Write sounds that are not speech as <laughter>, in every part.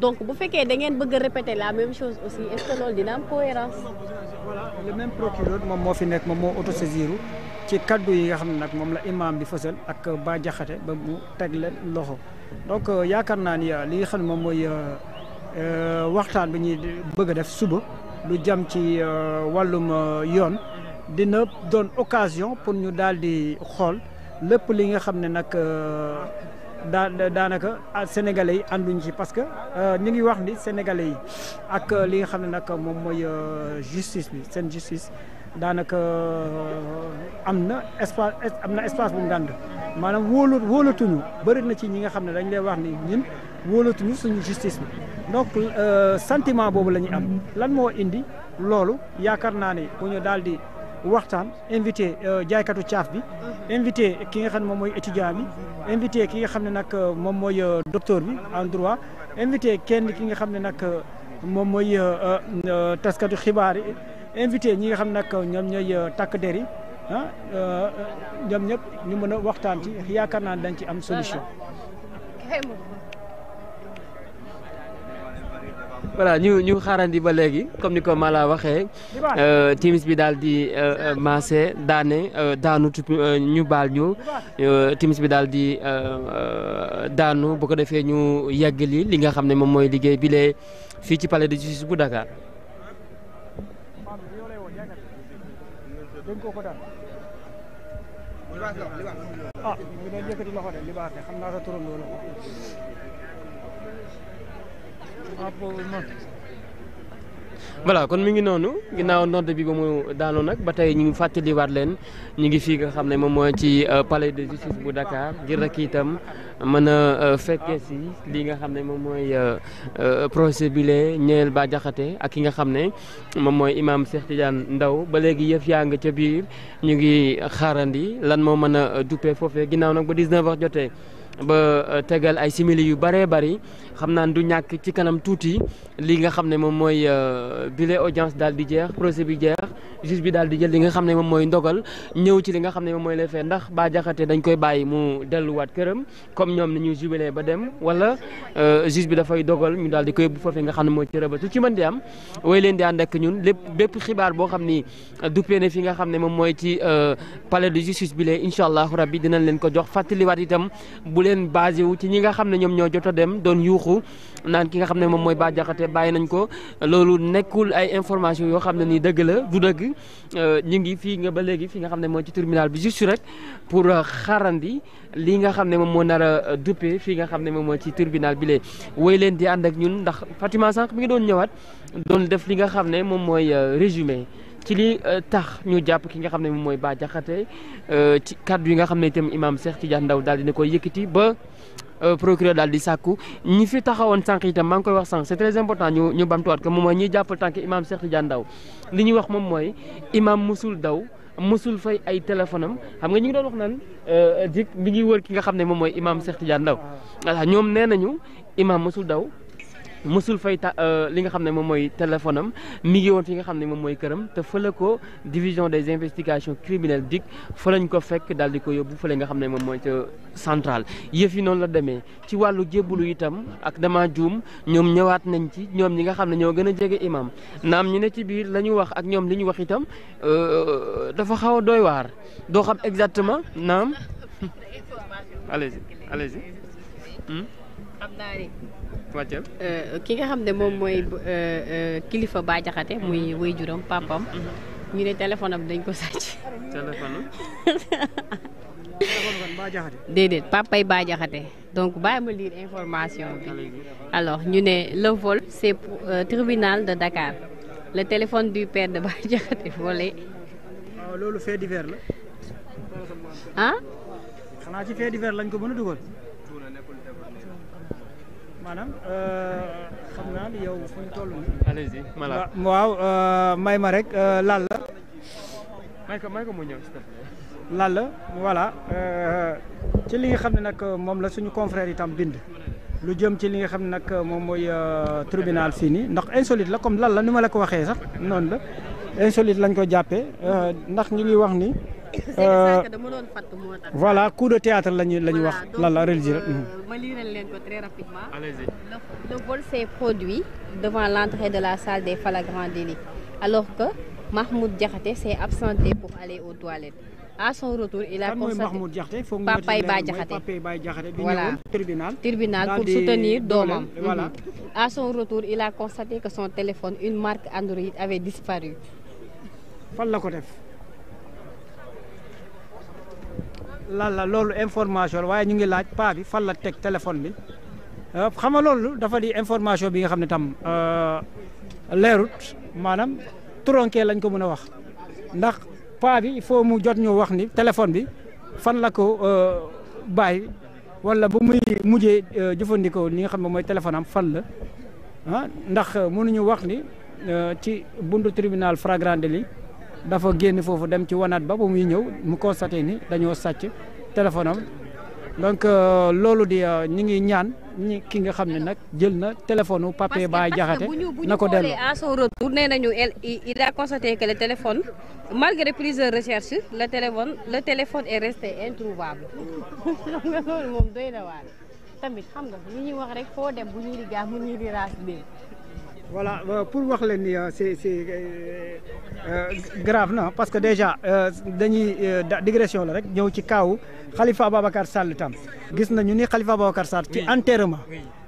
donc bu fekkee da ngeen bëgg a répéter chose aussi est-ce dina am cohérence voilà le même procureur moom moo fi nekk moom moo autosaisiru ci kaddu yi nga xam ne nag moom la imam bi fësal ak ba jaxate ba mu teg leen loxo donc euh, yaakaar naa ni euh, li nga xam ne moom mooy euh, waxtaan bi ñuy bëgg a def suba lu jam ci wàllum yoon dina doon occasion pour ñu daal di xool lépp li nga xam ne nag daa daanaka ah, sénégalais yi ànduñ ci parce que ni euh, ngi wax ni sénégalais yi ak euh, li nga xam ne nag moom mooy euh, justice bi seen justice daanaka am na espace am na espace bu ngànd maanaam wóolu wóolatuñu bëri na ci ñi nga xam ne dañ lay wax ni ñun wóolatuñu suñu justice bi donc sentiment boobu la ñuy am lan moo indi loolu yaakaar naa ne bu ñu daal waxtaan invité euh, jaaykatu caaf bi mhm. invité ki nga xam ne moom mooy étudiant bi invité ki nga xam ne nag euh, moom mooy euh, docteur bi en droit invité kenn ki nga xam ne nag moom mooy taskatu xibaar yi invité ñi nga xam nag ñoom ñooy takk der yi ah ñoom ñëpp ñu mën a waxtaan ci yaakaar naa dañ ci am solution voilà ñu ñu xaarandi ba léegi comme ni ko ma Mala waxee euh, timis bi daal di euh, euh, maase daane daanu ñu baal ñu timis bi daal di daanu bu ko defee ñu yàgg li li nga xam ne moom mooy liggéey bi fii ci pale de justice bu Dakar. Ah, voilà kon mu ngi noonu ginnaaw nodd bi ba mu daanoo nag ba tey ñu ngi fàttaliwaat leen ñu ngi fii nga xam ne moom mooy ci euh, palais de justice bu Dakar ngir rek itam mën a euh, fekkee si lii nga xam ne moom mooy euh, procès bi lee ñeel jaxate ak ki nga xam ne moom mooy imaam Cheikh Tidiane Ndao ba léegi yëf yaa nga ca biir ñu ngi xaarandi lan moo mën a duppee foofee ginnaaw nag ba 19 heures jotee. ba euh, tegal ay simili yu bëree bëri xam naa du ñàkk ci kanam tuuti li nga xam ne moom mooy euh, bile audience daal di jeex procès bi jeex juge bi daal di jël li nga xam ne moom mooy ndogal ñëw ci li nga xam ne moom mooy les faits ndax Bah Diakhaté dañ koy bàyyi mu delluwaat këram comme ñoom ni ñu jubilee ba dem wala euh, juge bi dafay dogal ñu daal di koy yóbbu foofee nga xam ne mooy ci rëbatu ci mën di am way leen di ànd ak lépp bépp xibaar boo xam ni duppee fi nga xam ne moom mooy ci palais de justice bi lee incha allah rabbi dinañ leen ko jox fàttaliwaat itam bu leen basé wu ci ñi nga xam ne ñoom ñoo jot a dem doon yuuxu naan ki nga xam ne moom mooy Bah Diakhaté bàyyi nañ ko loolu nekkul ay information yoo xam ne nii dëgg la du dëgg euh, ñu ngi fii nga ba léegi fi nga xam ne mooy ci terminal bi juste rek pour euh, xarandi lii nga xam ne moom moo nar a euh, fii nga xam ne moom mooy ci terminal bi lee woy leen di ànd ak ñun ndax Fatima sànq mi ngi doon ñëwaat doon def li nga xam ne moom mooy résumé ci lii euh, tax ñu jàpp ki nga xam ne moom mooy Bah Diakhaté euh, ci kàddu yi nga xam ne itam imaam Cheikh Tidiane Ndaw daal dina koy yëkkati ba euh, procureur daal di sàkku ñi fi taxawoon sànq itam maa ngi koy wax sànq c'est très important ñu ñu bamtuwaat ko moom mooy ñuy jàpp tànk imaam Cheikh Tidiane Ndaw li ñuy wax moom mooy imaam musul daw. mësul fay ay téléphone am xam nga ñu ngi doon wax naan dik mi ngi wër ki nga xam ne moom mooy imaam Cheikh Tidiane Ndaw ñoom nee nañu imaam mësul daw mosul fay ta euh, li nga xam ne moom mooy téléphone am mi ngi woon fi nga xam ne moom mooy këram te fële ko division des investigations criminelles DIC fa lañ ko fekk daal di ko yóbbu fële nga xam ne moom mooy ca centrale yëf yi noonu la demee ci wàllu jébbalu itam ak dama juum ñoom ñëwaat nañ ci ñoom ñi nga xam ne ñoo gën a jege imam naam ñu ne ci biir la ñu wax ak ñoom li ñu wax itam euh, dafa xaw a doy waar doo xam exactement naam <laughs> allez-y allez-y hmm? am naa ni wàccal euh, ki nga xam ne moom mooy euh, euh, kilifa Bah Diakhaté muy mhm. wéy juróom papam mhm. ñu ne téléphone dañ ko sàcc. téléphone déedéet papay Bah Diakhaté donc bàyyi ma lire information bi alors ñu ne le vol c'est pour tribunal de Dakar le téléphone du père de Bah Diakhaté volé. Ah, loolu fait divers la. ah. xanaa ci fait lañ ko mën a maanaam euh, xam naa ni yow fu ñu toll nii. allez-y waaw euh, may ma rek laal euh, la. may may ko mu ñëw s'il te plaît. laal la voilà ci li nga xam ne nag moom la suñu confrère itam bind. lu jëm ci li nga xam ne nag moom mooy tribunal fii nii ndax insolite la comme lan la ni ma la ko waxee sax noonu la insolite lañ ko jàppee ndax ñu ngi wax ni. <laughs> Euh, voilà coup de théâtre la ñu la ñu wax. lan la euh, hmm. le vol s'est produit devant l'entrée de la salle des flagrants délits alors que Mahmoud Diakhaté s'est absenté pour aller aux toilettes. à retour il a constaté Papaye Ba Diakhaté voilà tribunal pour soutenir doomam voilà mhm. retour il a constaté que son téléphone une marque Android avait disparu fan la ko def lan la loolu information waaye ñu ngi laaj paa bi fan la teg téléphone bi euh, xam nga loolu dafa di information bi nga xam ne tam euh, leerut maanaam tronqué lañ ko mën a wax ndax paa bi il mu jot ñu wax ni téléphone bi fan la ko euh, baay wala bu muy mujjee jëfandikoo li nga xam ne mooy téléphonam fan la ah ndax mënuñu wax ni ci buntu tribunal flagrant délit dafa génn foofu dem ci wanaat ba ba muy ñëw mu constaté ni dañoo sàcc téléphone am donc euh, loolu di euh, ñu ngi ñaan ñi ki nga xam ne nag jël na téléphone u Pape Baye Diakhaté na ko dellu à son retour nee nañu il a constaté que le téléphone malgré plusieurs recherches le téléphone le téléphone est resté introuvable <laughs> xam nga loolu xam nga li ñuy wax foo dem bu ñuy di voilà euh, pour wax leen ni euh, c'est c'est euh, grave na parce que déjà dañuy digression la rek ñëw ci kaaw Khalifa Ababacar Sall tam gis nañu ni Khalifa Ababacar Sall ci enterrement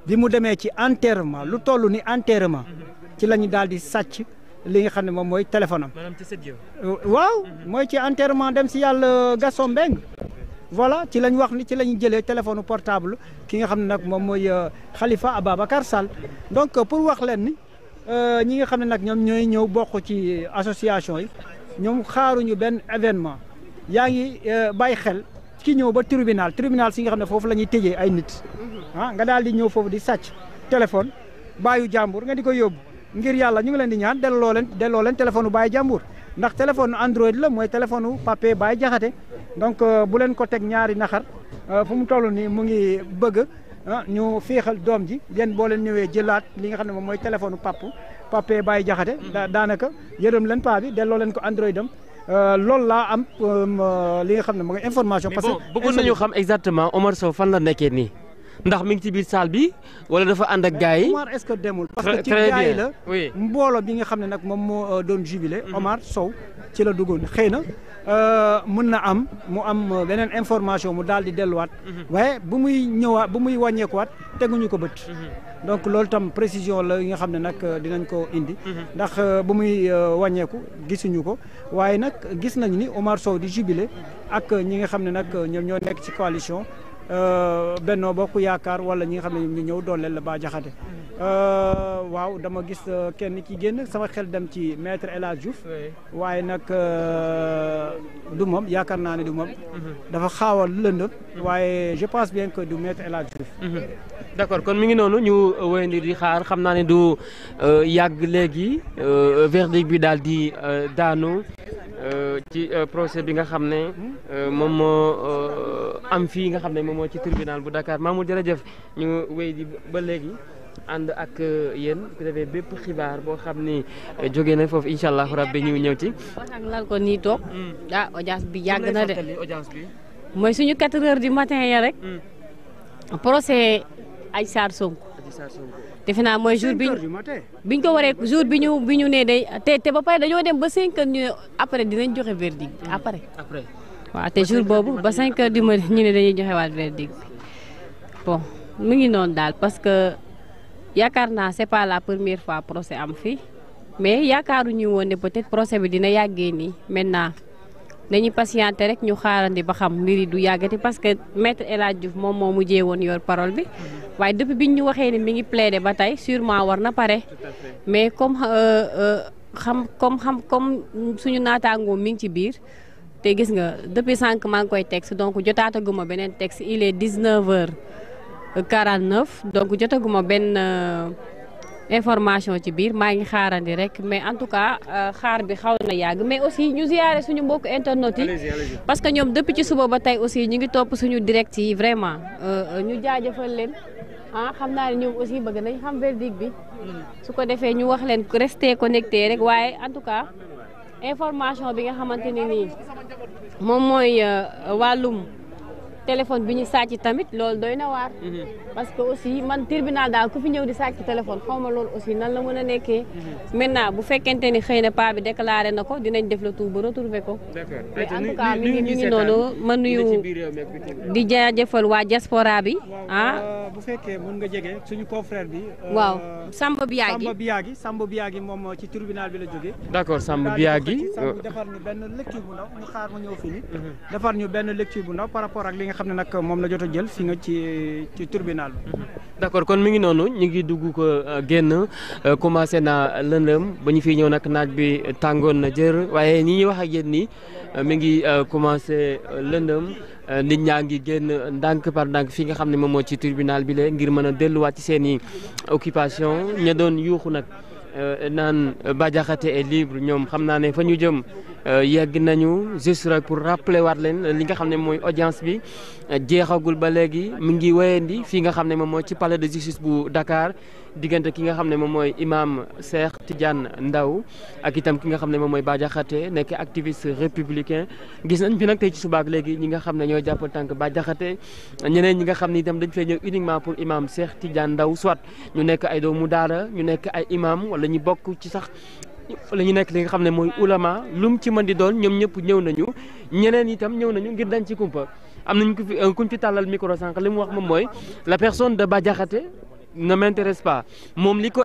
bi mu demee ci enterrement lu toll ni enterrement ci la ñu daal di sàcc li nga xam ne moom mooy téléphone am. maanaam ci waaw mooy ci enterrement dem si yàlla gason Mbengue voilà ci lañ wax ni ci lañ jëlee téléphone portable ki nga xam ne nag moom mooy Khalifa Ababacar Sall donc pour wax leen ni. Euh, ñi nga xam ne nag ñoom ñooy ñëw bokk ci association yi ñoom xaaruñu benn événement yaa ngi euh, bàyyi xel ki ñëw ba tribunal tribunal si nga xam ne foofu la ñuy tëjee ay nit ah nga daal di ñëw foofu di sàcc téléphone baayu jàmbur nga di ko yóbbu ngir yàlla ñu ngi leen di ñaan delloo leen delloo leen téléphone u baayu jàmbur ndax téléphone Android la mooy téléphone u pape baayu jaxate donc euh, bu leen ko teg ñaari naxar fu mu toll nii mu ngi bëgg ah ñu féexal doom ji leen boo leen ñëwee jëlaat li nga xam ne moom mooy téléphone papp pape Baye Jaxate mhm. daanaka yërëm leen paa bi delloo leen ko Android am euh, loolu laa am euh, li nga xam ne mooy information. parce que bëggoon nañu xam exactement Omar Sow fan la nekkee nii. ndax mi ngi ci biir salle bi wala dafa ànd ak gars yi. Omar est-ce que demul parce que ci gars yi la mbooloo bi nga xam ne nag moom moo euh, doon jubilé. Mm-hmm. Omar Sow ci la duggoon xëy na euh, mën na am mu am euh, beneen information mu daal di delluwaat. Mm-hmm. waaye bu muy ñëwaat bu muy wàññeekuwaat teguñu ko bët. Mm-hmm. donc loolu tam précision la yi nga xam ne nag dinañ ko indi. ndax bu muy wàññeeku gisuñu ko waaye nag gis nañu ni Omar Sow di jubilé ak ñi nga xam ne nag ñoom ñoo nekk ci coalition. Euh, Benno Bokk Yaakaar wala ñi nga xam ne ñoom ñu ñëw dooleel la Bah Diakhaté waaw dama gis euh, kenn ci génn sama xel dem ci mètre El Hadj waaye nag euh, du moom yaakaar naa ne du moom mm-hmm. dafa xaaw a mm-hmm. waaye je pense bien que du maître El Hadj mm-hmm. d'accord kon mi ngi noonu ñu nii di xaar xam naa ne du yàgg léegi verdict bi daal di daanu ci euh, procès bi nga xam ne euh, moom moo euh, am fii nga xam ne moom moo ci tribunal bu Dakar Mamour jërëjëf ñu wéy di ba léegi ànd ak yéen bu defee bépp xibaar boo xam ni jóge na foofu incha allah rabbi ñu ñëw ci. ak lal ko nii toog. Hmm. ah audience bi yàgg na de bi. mooy suñu 4 heures du matin ya rek. Hmm. procès Adji Sarr Sonko. defe naa mooy jour biñ biñ ko waree jour bi ñu bi ñu nee day te te ba pare dañoo dem ba 5 heures ñu ne après dinañ joxe verdict bi après. Mm. après waaw te boobu ba 5 heures du ñu ne dañuy joxe waat verdict bi bon mu ngi noonu daal parce que yaakaar naa c'est pas la première fois procès am fii mais yaakaaruñu woon de peut-être procès bi dina yàggee nii maintenant. dañuy patienter rek ñu xaarandi ba xam mbir yi du yàggati parce que maître El Hadj Diouf moom moo mujjee woon yor parole bi waaye depuis biñ ñu waxee ni mi ngi plaider ba tey surement war na pare mais comme euh, euh, xam comme xam comme suñu naataangoo mi ngi ci biir te gis nga depuis sànq maa ngi koy texte donc jotaataguma beneen texte il est 19 heures 49 donc jotaguma benn. Euh, information ci biir maa ngi xaarandi rek mais en tout cas euh, xaar bi xaw na yàgg mais aussi ñu ziyaare suñu mbokk internet yi parce que ñoom dëpp ci suba ba tey aussi ñu ngi topp suñu direct yi vraiment euh, ñu jaajëfal leen ah xam naa ne ñoom aussi bëgg nañ xam verdict bi su ko defee ñu wax leen rester connecté rek waaye en tout cas information bi nga xamante ne nii moom mooy euh, wàllum téléphone bi ñu sàcc tamit loolu doy na waar. Mhm. parce que aussi man tribunal daal ku fi ñëw di sàcc téléphone xaw ma loolu aussi nan la mën a nekkee. Mhm. maintenant bu fekkente ni xëy na paa bi déclaré na ko dinañ def le tout ba retrouver ko. mais en tout cas mi ngi mi ngi noonu ma nuyu di jaajëfal waa diaspora bi ah. bu fekkee mën nga jege suñu confrère bi. Euh, waaw Samba bi Samba Biagi Samba Biagi moom ci tribunal bi la jógee. d'accord Samba Biagi. defar ñu benn lecture bu ndaw ñu xaar ma ñëw fii nii. Mhm. defar ñu benn lecture bu ndaw par rapport ak li nga xam ne nag moom la jot a jël fi nga ci ci tribunal bi. d'accord kon mi ngi noonu ñu ngi dugg ko euh, génn euh, commencé naa lëndëm ba ñu fii ñëw nag naaj bi tàngoon na jër waaye ñi ngi wax ak yéen nii euh, mi ngi commencé lëndëm nit ñaa ngi génn ndànk par ndànk fii nga xam ne moom moo ci tribunal bi le ngir mën a delluwaat ci seen i occupation ña doon yuuxu nag naan Bah Diakhaté est libre ñoom xam naa ne fa ñu jëm. Euh, yegg nañu juste rek pour rappeler waat leen li nga xam ne mooy audience bi jeexagul ba léegi mu ngi wéyandi fii nga xam ne moom mooy ci palais de justice bu Dakar diggante ki nga xam ne moom mooy imam Cheikh Tidiane Ndaw ak itam ki nga xam ne moom mooy Bah nekk activiste républicain gis nañ fi nag tey ci subaak léegi ñi nga xam ne ñoo jàpp tànk bajaxate Diakhaté ñeneen ñi nga xam ne itam dañ fay ñëw uniquement pour imam Cheikh Tidiane Ndaw soit ñu nekk ay doomu daara ñu nekk ay imam wala ñu bokk ci sax la ñu nekk li nga xam ne mooy ulama lum ci mën di doon ñoom ñëpp ñëw nañu ñeneen itam ñëw nañu ngir dañ ci kumpa am nañ ku fi euh, kuñ fi tàllal micro sànq li mu wax moom mooy la personne de Bah Diakhaté ne m'intéresse pas moom li ko